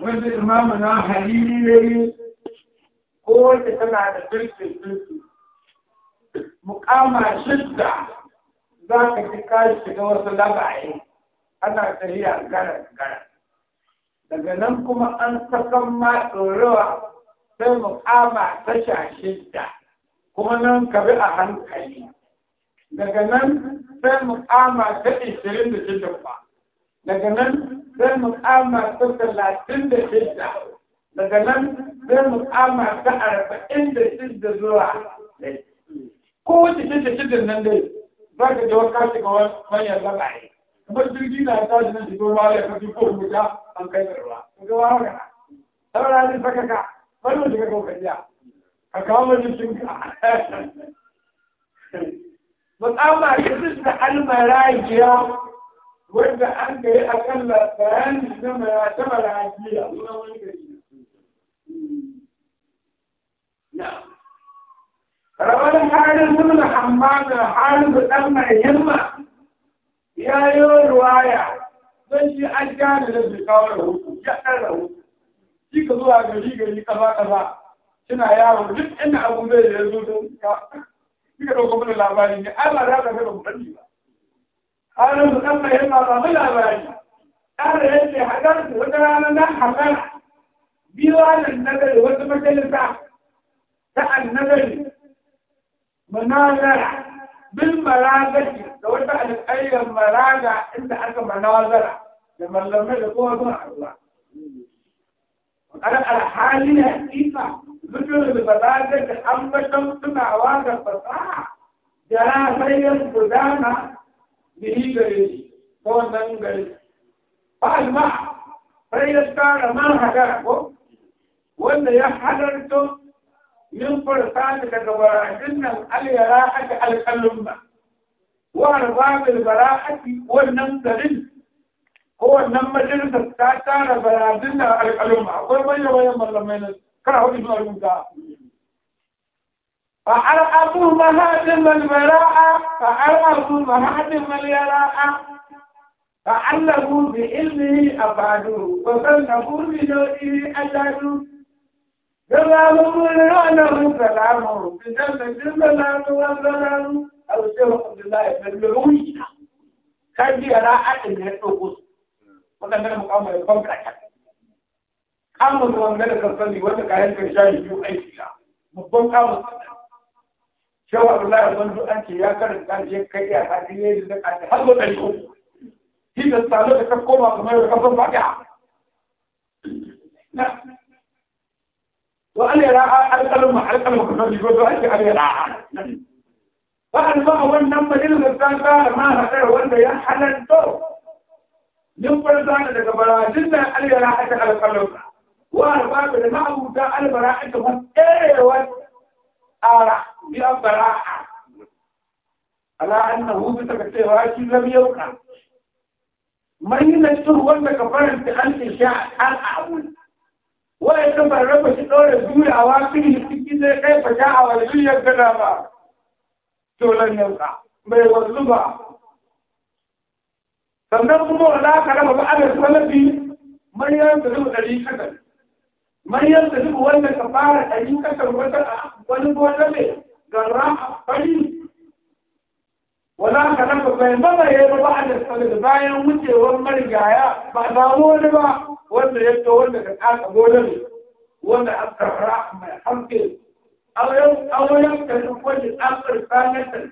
wanda imamu na halili ne ko kowace tana da firfin firfin mukama shidda za ka ji kashi shiga wasu labaye ana tafiya gara gara daga nan kuma an sakan ma tsorowa sai mukama tasha shidda kuma nan ka bi a hankali daga nan sai mukama ta ishirin da shidda kuma daga nan sai mu'amma ta talatin da shidda daga nan sai mu'amma ta arba'in da shidda zuwa ko wace shidda shidda nan dai za ka ji wata shiga manyan labarai kamar jirgi na ta ji nan shigo ruwa ya kaji ko muta an kai da ruwa ka ga wawa kana saura ne saka ka wannan shiga ko kajiya ka kawo mai shinka mu'amma ta shidda almarajiya wanda an gari akalla bayani na mai ta marajiya nuna wani gari na rawar halin nuna amma da halin da ɗan mai himma ya yi ruwaya don shi an gane da su kawo rahoto ya ɗan rahoto shi ka zuwa gari gari kaza kaza suna yawo duk inda abu zai da ya zo don ka shi ka ɗauka mana labarin ya Allah za ka ga da kuɗaɗi ba أنا مسمى يما رغلا باشا أنا يلي حضرت وترى أنا نحا فرح بيوانا النبري وتمجلسة كأن نبري مناظرة بالمراجع لو أنت على أي مراجع أنت حتى مناظرة لما لما يقول الله أنا على حالي حقيقة مثل بمراجع أما تم تنعوا الفصاحة جرى سيد بدانا به gare shi ta wannan gare fa'al ma sai ya tsara man hadara ko wanda ya halarto min furfani daga bara'atun nan alyara aka alƙalin ba wa arbabil bara'ati wannan garin ko wannan majalisar ta tara bara'atun nan alƙalin ba akwai bayyana malamai na kara hudu na rubuta فأرأت مهاتم فعلى فأرأت مهاتم اليراءة فعله بعلمه أبعده وفنه بجوده أجاده سلام من رأنه سلامه بجنة السلام والسلام أو شيخ عبد الله بن لوي كان يراءة من الأقصى وكان مقام يقوم كذا قام من ذلك الصلي وتكاهل في شيء يؤيد له مقام سواء الله منذ أنت يا كرم قال جيك كي يا حدي يجب أن تحضر بالكم هي تستعلق كفكم وما يكفر بعد نعم وأنا راعى أرقل ما أرقل ما كنت يقول ذلك أنا راعى فأنا ما هو النمى إلا الثانتا ما هذا هو أنت يا حلن تو نمبر ذانا لك براعى جدا أنا راعى أرقل ما كنت يقول ذلك وأنا باب لما أبو تاء أنا براعى أنت هم إيه وأنا بلا براحة على أنه يقولون شيء لم يوقع من ينسر وانا كفرن تخلق الشاعر الأعول ويتم يقولون شطور الدول عواقبه السكينة كيف جاء والغية الجنابة لن يوقع ما يوظبها sannan kuma wala karama ba ana salafi man ya tafi ɗari kadan man ya tafi wanda ka fara ɗari kadan جراح قليل ولا كلام بين بابا يا بعد الصلاة باين وجه والمرجع يا بعد أول ما ولا يتولى الآن أقول ولا أتراح ما حمل أو يوم أو يوم كان وجه آخر ثالثا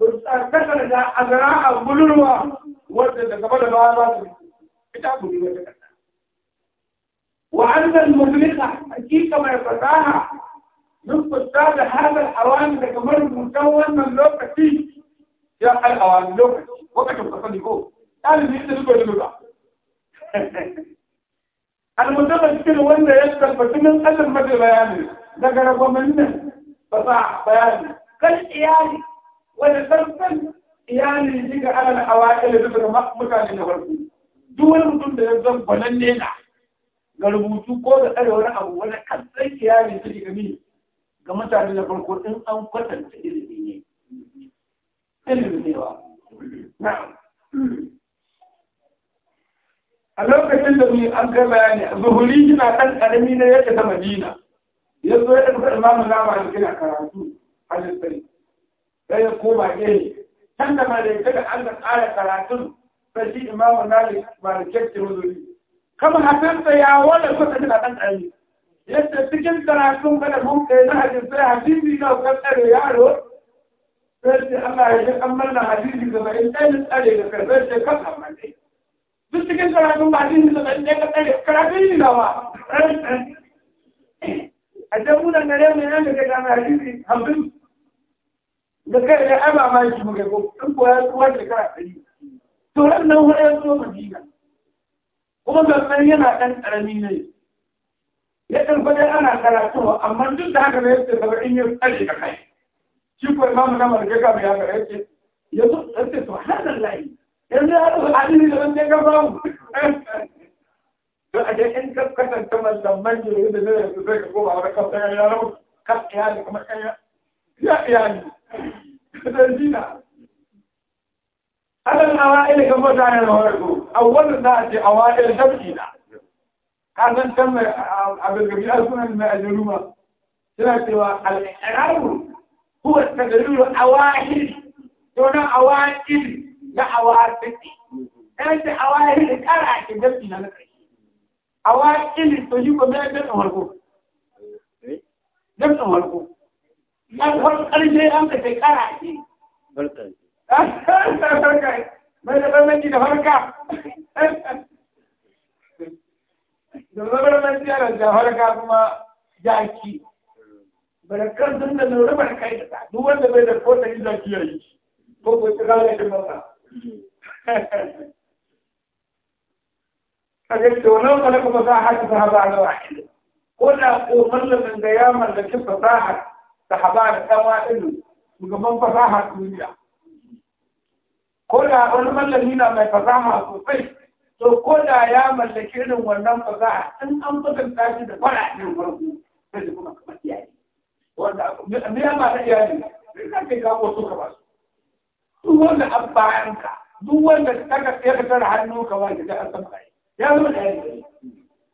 بس أتذكر إذا أزرع بلوا وجه قبل ما كتابه وعند المغلقة أكيد كما يفتحها نصف سهل هذا الحوامل لكمال مكون من تي يا الأوان لوكتي وقت تصلي هو قال لي انت تقول أنا مجرد كده وانا يسال فتن قال المدرسة بياني ده كان ابو منا فصاح بياني قال اياني وانا سلسل اياني يجيك على الأوائل اللي بيبقى مكان اللي دول mutum da ya zan bananne na ga rubutu ko ولا tsare ولا abu wani kasance ya ne ga mutane na farko in an kwatanta ilimi ne ilimi ne ba na'am a lokacin da mai an kai bayani zuhuri yana kan karami na yadda ta madina ya zo ya ɗauka imamu da kina karatu a lissari sai ya koma gani can da malaita da an da tsara karatun sai shi imamu da malikai ke wuzuri kamar hasan ya wanda kusa tana ɗan ƙarami يستطيعون تراكم بلا هم كينا حديث بلا حديث بلا وقت أبي يارو فرش أما يجب أمرنا حديث بلا ما إنتا نسأل إلا فرش كم أمرنا يستطيعون تراكم بلا حديث بلا ما إنتا نسأل إلا فرش كم أمرنا أجبونا نريم نعم كما حديث حبيب لكي لا أبا ما يجب مكبوب تنقوا يتوان لكي حديث تورنا هو أيضا مجينا ومن بمن ينا أن أرمينا يجب لكن أنا أقول بدا انا أقول قراته اما جد ده انا أقول بس ده أنا أقول لك شوف يا ماما كمان جه كام يا اخي يا يعني أنا أقول لك ان أقول لك اللي بدنا نقراهم فاجئن كيف كنت تم لما يجي أنا أقول لك بيت قوم على كف يا رب كف يا لكم أنا أقول لك تدينا هذا الاوائل كما كان الهرب يعني. اول ناس اوائل أنا ka san can mai abin da sunan mai aljaruma suna cewa al'arabu huwa tagariru awahir to na awahir na awahir ɗan da awahir da ƙara a ke dafi na nasa awahir to yi ko mai dafi harko dafi eh? harko na har ƙarshe an ka sai ƙara a ke barka mai da bambanci da farka dabar nan ji ana jahar ka kuma jaki barakan dun da nuru barkai da ta duk wanda bai da kota ji jaki yayi ko ko ta ga da mata kaje to nan kana kuma sa ta haba ala wahid ko da ko mallamin da ya mallaki fasaha ta haba da kama din gaban fasaha duniya ko da wani mallami na mai fasaha sosai to ko da ya mallaki irin wannan fasaha in an bugan tashi da fara ne farko sai kuma kamar iyaye wanda me ya ma da iyaye sai ka kai ka ko so ka ba su duk wanda an bayan ka duk wanda ka ka sai ka tara hannu ka wani da an san kai ya zo da yayi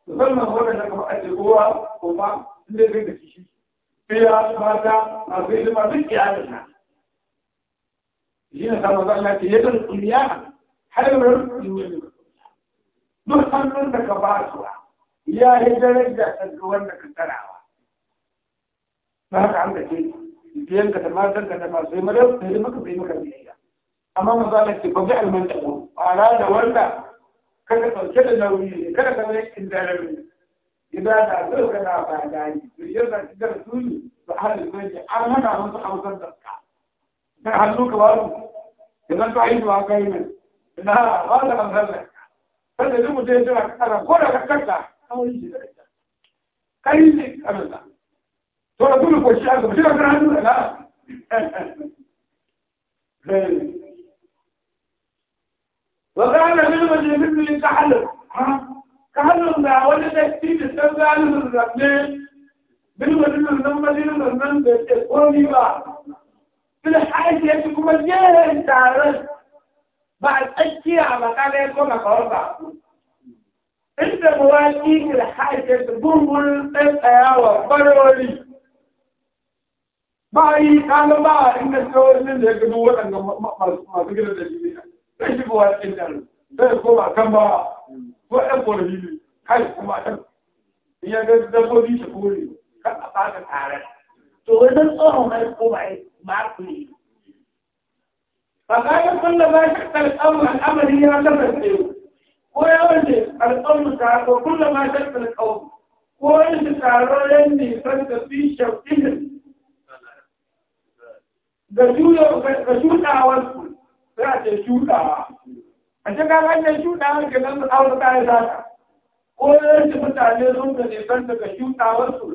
to zan ma hoda da kuma aje kowa kuma inda zai da shi fiya mata a zai da ma duk iyaye na shi ne sama zan lafiya da duniya har yau duk hannun da ka basuwa ya yi daraja ta wanda ka tarawa na haka an da ce biyan ka tama zan ka tama sai mara ta yi maka bai maka biyayya amma maza Allah ce ba bi alman da ara da wanda kada ɗauke da nauyi kada ka zai in darari idan da zai ka na ba dani biyar da ki da suni da halin zai an hana musu hausar da ka dan hannu ka ba su idan ka yi zuwa ka yi ne na ba da manzon kada zai mutum ya jira kana ko da kanka an wani shi da ita kai ne kana da to da dole ko shi an zama shi da hannu da na وقال من مجلس مثل كحلم كحلم ده ولا تكتيب استنزع له الرحمن من مجلس من مجلس من من بيتكوني بقى في الحاجة يجب أن يجب أن تعرف في مقالة كما قربا انت مواكيك الحاجة تقوم بالقيا وبرولي باي قالوا ما ان الحول من ذلك دور ان ما تقدر تجيبها ايش بوا ان بيقوا كما وابو الهيلي هاي كما هي قد تقولي تقولي كما قالت عارف تقول ان امه ما تقولي فقال كل ما شق الأمر الأمر هي تفسير ويوجد الأمر تعالى وكل ما شق الأمر ويوجد تعالى يني فلسفة في شوكهم gashuɗa wasu za a ce shuɗawa a cikin hanyar shuɗawa ke nan aure ta yi zata ko yanzu mutane sun ka nisan daga shuɗa wasu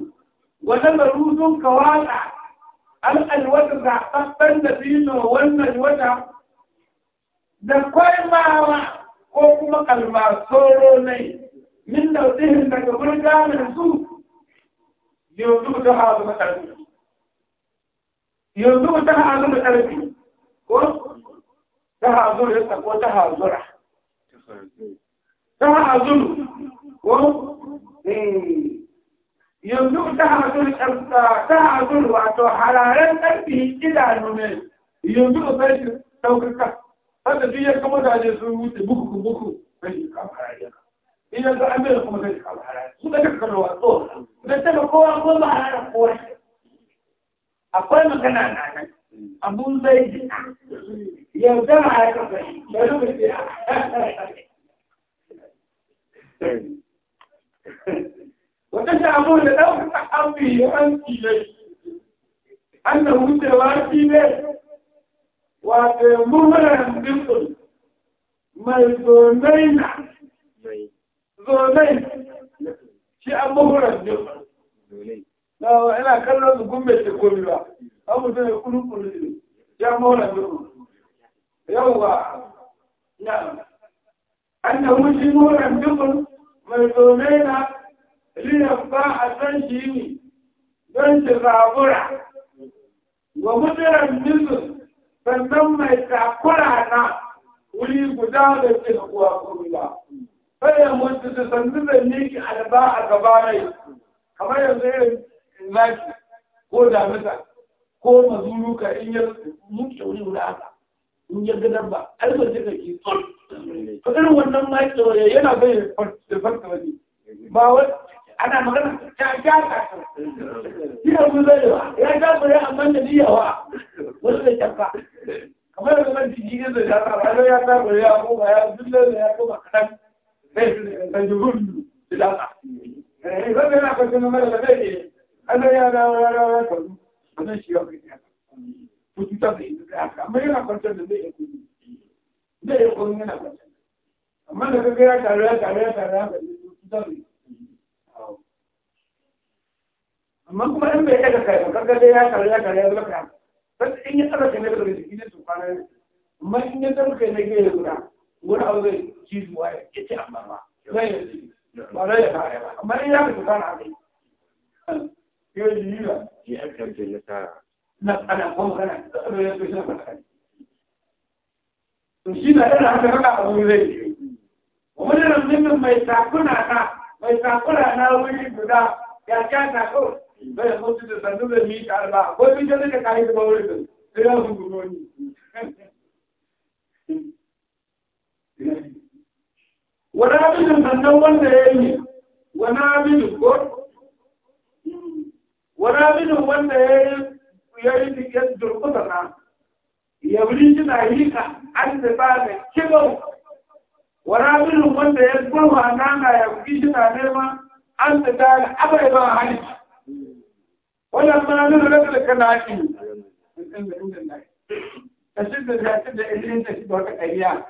wani garu sun ka watsa an alwata zaɓaɓɓen da bino wannan wata da mawa ko kuma almasoro ne min nautihin daga mai su yanzu ta hazu da ƙarfi yanzu ta hazu da ƙarfi ko ta hazu da ko ta hazura ta hazu ko eh yanzu ta haɗu wato hararen ƙarfi idanu ne yanzu da sai shi saukaka sanda duk ya kama da je sun wuce buku buku sai shi kama hararen idan ga an bai kuma sai shi kama hararen su da kaka da wato da ta ga kowa ko ba hararen kowa akwai magana na nan abun zai ji yanzu ma ya kafa shi bari mu ce وتشعبون لو تحرمه أنت إليه أنه جواتي له ومهرا بالقل ملزومين زومين شيء مهرا بالقل لا وإلا كان لازم قمة تقول له أبو سنة يقولوا قلوا يا مهرا بالقل يوه نعم أنه شيء مهرا بالقل ملزومين riyan ba a san shi ne don shi zabura wa mudiran nizin sannan mai takura na wuri guda da ke kuwa kuma kada mutu da sannu da miki alba a gaba rai kamar yanzu irin zaki ko damisa ko mazuruka in ya muke wuri guda haka in ya ga dabba albarci da ke tsoron to irin wannan maki yana bai da farka wani ba wani ana magana ta jaka ina zai ba ya ta bare amma da niyawa wasu da tafa kamar da man jiki ne da ta ba ya ta bare ya ko ba ya dulle da ko ba da jurun da eh da ya da ya da ya ko shi ya ko ta amma yana da zai ko zai ko amma da ya tare ya tare amma kuma in bai daga kai kaga dai ya kare ya kare ya zama kai sai in ya tsara kai daga jiki ne su kwana ne amma in ya tsara kai ne ke ya guda wani abu zai ci zuwa ya ce amma ba zai yi ba zai ya kare ba amma in ya ka tuka na kai ya ji yi ba ji an kanta ya sa na ana kuma kana da abin ya tushe na kai to shi na yana haka haka abu zai yi wani ramin mai takuna na mai takuna na wuri guda ya kyanta kawai zai so su da sannu da mi karba ko sun je duka kai da bawurin sai ya su gumo wani abin sannan wanda ya yi wani wani abin wanda ya yi ya yi ya durkusa na ta wuri jina yi ka da ba da kibau wani wanda na na ya wuri jina nema an da ta abai ba halittu wannan suna nuna da kanaki kan da ake da shi da shi da shi da shi da wata ƙariya